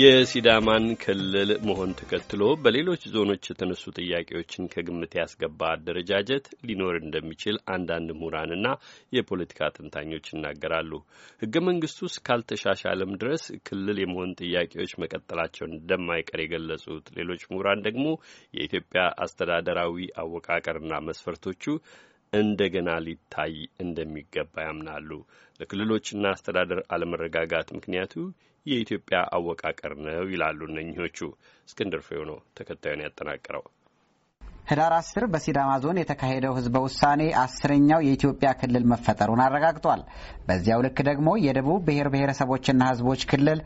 የሲዳማን ክልል መሆን ተከትሎ በሌሎች ዞኖች የተነሱ ጥያቄዎችን ከግምት ያስገባ አደረጃጀት ሊኖር እንደሚችል አንዳንድ ምሁራንና የፖለቲካ ተንታኞች ይናገራሉ። ሕገ መንግስቱ እስካልተሻሻለም ድረስ ክልል የመሆን ጥያቄዎች መቀጠላቸውን እንደማይቀር የገለጹት ሌሎች ምሁራን ደግሞ የኢትዮጵያ አስተዳደራዊ አወቃቀርና መስፈርቶቹ እንደገና ሊታይ እንደሚገባ ያምናሉ። ለክልሎችና አስተዳደር አለመረጋጋት ምክንያቱ የኢትዮጵያ አወቃቀር ነው ይላሉ እነኚሆቹ። እስክንድር ፍሬው ነው ተከታዩን ያጠናቀረው። ህዳር አስር በሲዳማ ዞን የተካሄደው ህዝበ ውሳኔ አስረኛው የኢትዮጵያ ክልል መፈጠሩን አረጋግጧል። በዚያው ልክ ደግሞ የደቡብ ብሔር ብሔረሰቦችና ህዝቦች ክልል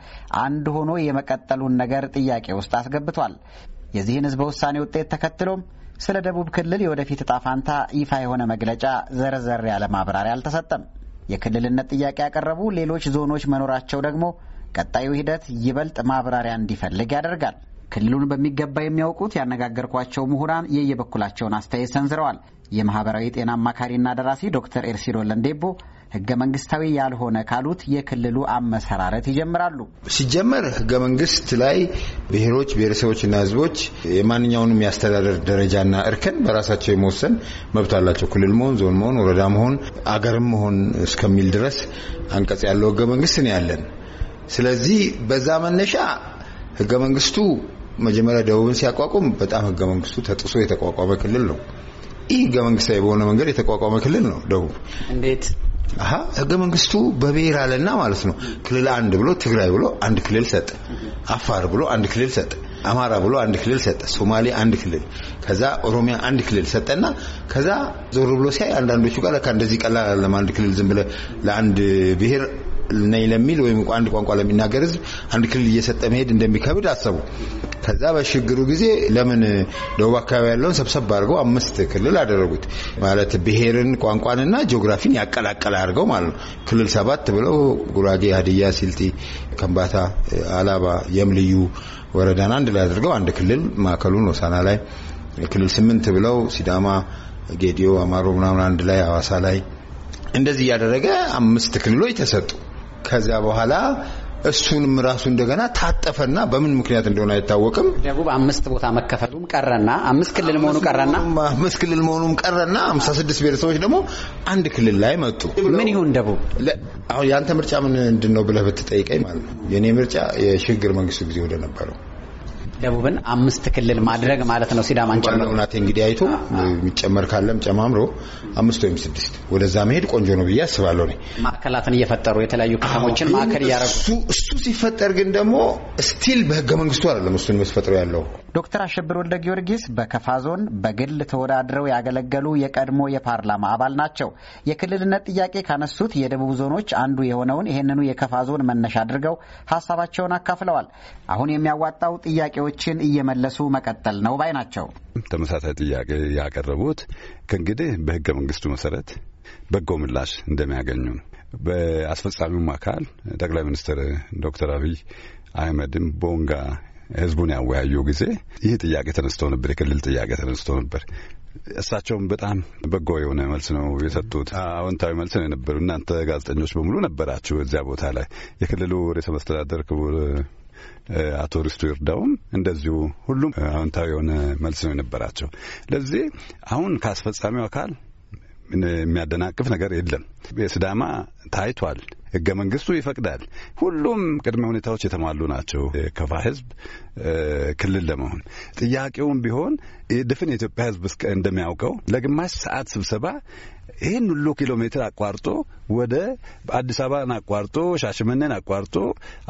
አንድ ሆኖ የመቀጠሉን ነገር ጥያቄ ውስጥ አስገብቷል። የዚህን ህዝበ ውሳኔ ውጤት ተከትሎም ስለ ደቡብ ክልል የወደፊት እጣ ፋንታ ይፋ የሆነ መግለጫ ዘርዘር ያለ ማብራሪያ አልተሰጠም። የክልልነት ጥያቄ ያቀረቡ ሌሎች ዞኖች መኖራቸው ደግሞ ቀጣዩ ሂደት ይበልጥ ማብራሪያ እንዲፈልግ ያደርጋል። ክልሉን በሚገባ የሚያውቁት ያነጋገርኳቸው ምሁራን የየበኩላቸውን አስተያየት ሰንዝረዋል። የማህበራዊ ጤና አማካሪና ደራሲ ዶክተር ኤርሲዶ ለንዴቦ ህገ መንግስታዊ ያልሆነ ካሉት የክልሉ አመሰራረት ይጀምራሉ። ሲጀመር ህገ መንግስት ላይ ብሔሮች፣ ብሔረሰቦችና ህዝቦች የማንኛውንም የአስተዳደር ደረጃና እርከን በራሳቸው የመወሰን መብት አላቸው። ክልል መሆን፣ ዞን መሆን፣ ወረዳ መሆን፣ አገርም መሆን እስከሚል ድረስ አንቀጽ ያለው ህገ መንግስት ነው ያለን። ስለዚህ በዛ መነሻ ህገ መንግስቱ መጀመሪያ ደቡብን ሲያቋቁም በጣም ህገ መንግስቱ ተጥሶ የተቋቋመ ክልል ነው። ይህ ህገ መንግስታዊ በሆነ መንገድ የተቋቋመ ክልል ነው ደቡብ። እንዴት? አሀ ህገ መንግስቱ በብሔር አለና ማለት ነው። ክልል አንድ ብሎ ትግራይ ብሎ አንድ ክልል ሰጠ። አፋር ብሎ አንድ ክልል ሰጠ። አማራ ብሎ አንድ ክልል ሰጠ። ሶማሌ አንድ ክልል፣ ከዛ ኦሮሚያ አንድ ክልል ሰጠና ከዛ ዞር ብሎ ሲያይ አንዳንዶቹ ጋር ለካ እንደዚህ ቀላል አለም አንድ ክልል ዝም ብለህ ለአንድ ብሔር ነኝ ለሚል ወይም አንድ ቋንቋ ለሚናገር ህዝብ አንድ ክልል እየሰጠ መሄድ እንደሚከብድ አሰቡ። ከዛ በሽግሩ ጊዜ ለምን ደቡብ አካባቢ ያለውን ሰብሰብ አድርገው አምስት ክልል አደረጉት። ማለት ብሔርን፣ ቋንቋንና ጂኦግራፊን ያቀላቀለ አድርገው ማለት ነው። ክልል ሰባት ብለው ጉራጌ፣ ሀዲያ፣ ሲልጢ፣ ከምባታ፣ አላባ፣ የምልዩ ወረዳን አንድ ላይ አድርገው አንድ ክልል ማዕከሉን ወሳና ላይ ክልል ስምንት ብለው ሲዳማ፣ ጌዲዮ፣ አማሮ ምናምን አንድ ላይ ሀዋሳ ላይ እንደዚህ እያደረገ አምስት ክልሎች ተሰጡ። ከዚያ በኋላ እሱንም ራሱ እንደገና ታጠፈና በምን ምክንያት እንደሆነ አይታወቅም። ደቡብ አምስት ቦታ መከፈሉም ቀረና አምስት ክልል መሆኑ ቀረና አምስት ክልል መሆኑም ቀረና 56 ብሔረሰቦች ደግሞ አንድ ክልል ላይ መጡ። ምን ይሁን ደቡብ? አሁን ያንተ ምርጫ ምን እንድን ነው ብለህ ብትጠይቀኝ ማለት ነው የኔ ምርጫ የሽግግር መንግስቱ ጊዜ ወደ ነበረው ደቡብን አምስት ክልል ማድረግ ማለት ነው። ሲዳማን ጨምሮ እንግዲህ አይቶ የሚጨመር ካለም ጨማምሮ አምስት ወይም ስድስት ወደዛ መሄድ ቆንጆ ነው ብዬ አስባለሁ። ነ ማዕከላትን እየፈጠሩ የተለያዩ ከተሞችን ማዕከል እያረጉ እሱ ሲፈጠር ግን ደግሞ ስቲል በህገ መንግስቱ አይደለም እሱን መስፈጥሮ ያለው ዶክተር አሸብር ወልደ ጊዮርጊስ በከፋ ዞን በግል ተወዳድረው ያገለገሉ የቀድሞ የፓርላማ አባል ናቸው። የክልልነት ጥያቄ ካነሱት የደቡብ ዞኖች አንዱ የሆነውን ይህንኑ የከፋ ዞን መነሻ አድርገው ሀሳባቸውን አካፍለዋል። አሁን የሚያዋጣው ጥያቄዎችን እየመለሱ መቀጠል ነው ባይ ናቸው። ተመሳሳይ ጥያቄ ያቀረቡት ከእንግዲህ በህገ መንግስቱ መሰረት በጎ ምላሽ እንደሚያገኙ ነው። በአስፈጻሚውም አካል ጠቅላይ ሚኒስትር ዶክተር አብይ አህመድም ቦንጋ ህዝቡን ያወያዩ ጊዜ ይህ ጥያቄ ተነስቶ ነበር። የክልል ጥያቄ ተነስቶ ነበር። እሳቸውም በጣም በጎ የሆነ መልስ ነው የሰጡት። አዎንታዊ መልስ ነው የነበሩ። እናንተ ጋዜጠኞች በሙሉ ነበራችሁ እዚያ ቦታ ላይ። የክልሉ ርዕሰ መስተዳደር ክቡር አቶ ሪስቱ ይርዳውም እንደዚሁ ሁሉም አዎንታዊ የሆነ መልስ ነው የነበራቸው። ለዚህ አሁን ከአስፈጻሚው አካል የሚያደናቅፍ ነገር የለም። የስዳማ ታይቷል። ህገ መንግስቱ ይፈቅዳል። ሁሉም ቅድመ ሁኔታዎች የተሟሉ ናቸው ከፋ ህዝብ ክልል ለመሆን። ጥያቄውም ቢሆን ድፍን የኢትዮጵያ ህዝብ እንደሚያውቀው ለግማሽ ሰዓት ስብሰባ ይህን ሁሉ ኪሎ ሜትር አቋርጦ ወደ አዲስ አበባን አቋርጦ ሻሽመኔን አቋርጦ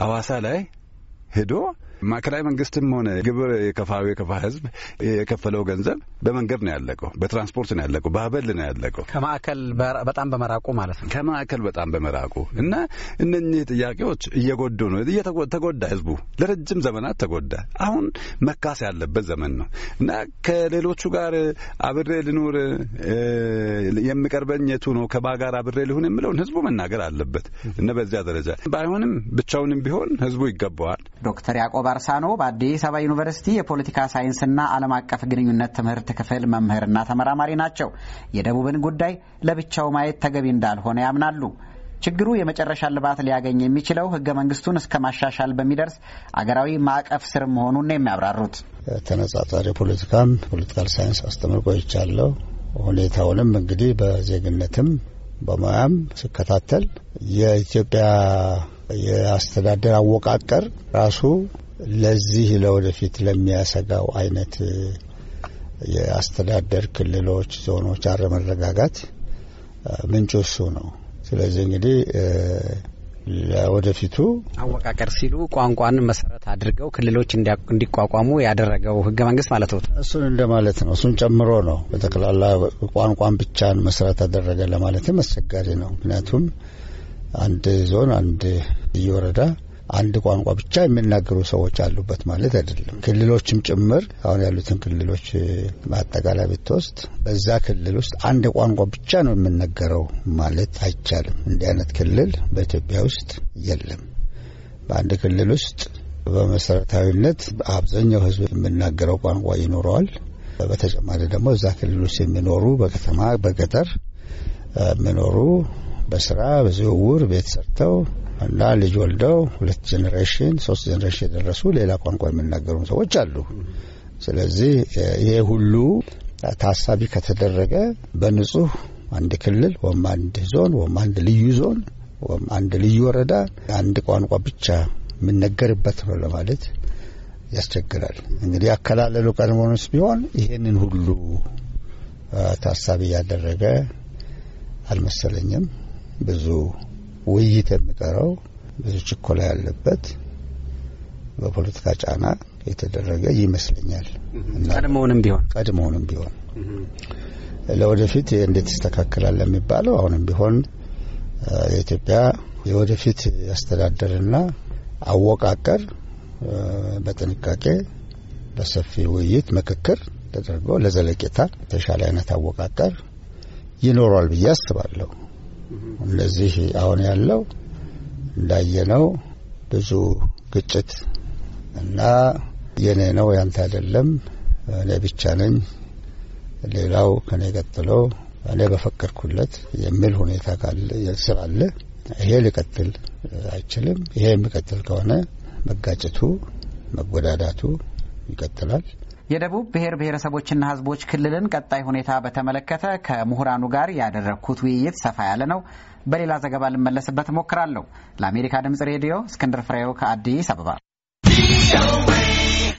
አዋሳ ላይ ሄዶ ማዕከላዊ መንግስትም ሆነ ግብር የከፋዊ የከፋ ህዝብ የከፈለው ገንዘብ በመንገድ ነው ያለቀው፣ በትራንስፖርት ነው ያለቀው፣ በአበል ነው ያለቀው። ከማዕከል በጣም በመራቁ ማለት ነው። ከማዕከል በጣም በመራቁ እና እነኚህ ጥያቄዎች እየጎዱ ነው። ተጎዳ ህዝቡ ለረጅም ዘመናት ተጎዳ። አሁን መካስ ያለበት ዘመን ነው እና ከሌሎቹ ጋር አብሬ ልኑር የሚቀርበኝ የቱ ነው ከባ ጋር አብሬ ልሁን የምለውን ህዝቡ መናገር አለበት እነ በዚያ ደረጃ ባይሆንም ብቻውንም ቢሆን ህዝቡ ይገባዋል። ዶክተር ያዕቆብ ባርሳኖ በአዲስ አበባ ዩኒቨርሲቲ የፖለቲካ ሳይንስና ዓለም አቀፍ ግንኙነት ትምህርት ክፍል መምህርና ተመራማሪ ናቸው። የደቡብን ጉዳይ ለብቻው ማየት ተገቢ እንዳልሆነ ያምናሉ። ችግሩ የመጨረሻ ልባት ሊያገኝ የሚችለው ህገ መንግስቱን እስከ ማሻሻል በሚደርስ አገራዊ ማዕቀፍ ስር መሆኑን ነው የሚያብራሩት። ተነጻጻሪ ፖለቲካም ፖለቲካል ሳይንስ አስተምር ቆይቻለሁ። ሁኔታውንም እንግዲህ በዜግነትም በሙያም ስከታተል የኢትዮጵያ የአስተዳደር አወቃቀር ራሱ ለዚህ ለወደፊት ለሚያሰጋው አይነት የአስተዳደር ክልሎች፣ ዞኖች አለመረጋጋት ምንጩ እሱ ነው። ስለዚህ እንግዲህ ለወደፊቱ አወቃቀር ሲሉ ቋንቋን መሰረት አድርገው ክልሎች እንዲቋቋሙ ያደረገው ህገ መንግስት ማለት ነው። እሱን እንደማለት ነው። እሱን ጨምሮ ነው። በጠቅላላ ቋንቋን ብቻን መሰረት አደረገ ለማለትም አስቸጋሪ ነው። ምክንያቱም አንድ ዞን አንድ እየወረዳ አንድ ቋንቋ ብቻ የሚናገሩ ሰዎች አሉበት ማለት አይደለም። ክልሎችም ጭምር አሁን ያሉትን ክልሎች አጠቃላይ ብትወስድ በዛ ክልል ውስጥ አንድ ቋንቋ ብቻ ነው የሚነገረው ማለት አይቻልም። እንዲህ አይነት ክልል በኢትዮጵያ ውስጥ የለም። በአንድ ክልል ውስጥ በመሰረታዊነት አብዛኛው ሕዝብ የሚናገረው ቋንቋ ይኖረዋል። በተጨማሪ ደግሞ እዛ ክልል ውስጥ የሚኖሩ በከተማ በገጠር የሚኖሩ በስራ በዝውውር ቤት ሰርተው እና ልጅ ወልደው ሁለት ጀኔሬሽን ሶስት ጀኔሬሽን የደረሱ ሌላ ቋንቋ የሚናገሩም ሰዎች አሉ። ስለዚህ ይሄ ሁሉ ታሳቢ ከተደረገ በንጹህ አንድ ክልል ወም አንድ ዞን ወም አንድ ልዩ ዞን ወም አንድ ልዩ ወረዳ አንድ ቋንቋ ብቻ የምነገርበት ነው ለማለት ያስቸግራል። እንግዲህ ያከላለሉ ቀድሞውንስ ቢሆን ይሄንን ሁሉ ታሳቢ ያደረገ አልመሰለኝም ብዙ ውይይት የሚቀረው ብዙ ችኮላ ያለበት በፖለቲካ ጫና የተደረገ ይመስለኛል። ቀድሞውንም ቢሆን ቀድሞውንም ቢሆን ለወደፊት እንዴት ይስተካከላል የሚባለው አሁንም ቢሆን የኢትዮጵያ የወደፊት አስተዳደርና አወቃቀር በጥንቃቄ በሰፊ ውይይት፣ ምክክር ተደርጎ ለዘለቄታ የተሻለ አይነት አወቃቀር ይኖሯል ብዬ አስባለሁ። እንደዚህ አሁን ያለው እንዳየነው ብዙ ግጭት እና የኔ ነው ያንተ አይደለም፣ እኔ ብቻ ነኝ፣ ሌላው ከኔ ቀጥሎ እኔ በፈቀድኩለት የሚል ሁኔታ ስላለ ይሄ ሊቀጥል አይችልም። ይሄ የሚቀጥል ከሆነ መጋጨቱ መጎዳዳቱ ይቀጥላል። የደቡብ ብሔር ብሔረሰቦችና ሕዝቦች ክልልን ቀጣይ ሁኔታ በተመለከተ ከምሁራኑ ጋር ያደረግኩት ውይይት ሰፋ ያለ ነው። በሌላ ዘገባ ልመለስበት እሞክራለሁ። ለአሜሪካ ድምጽ ሬዲዮ እስክንድር ፍሬው ከአዲስ አበባ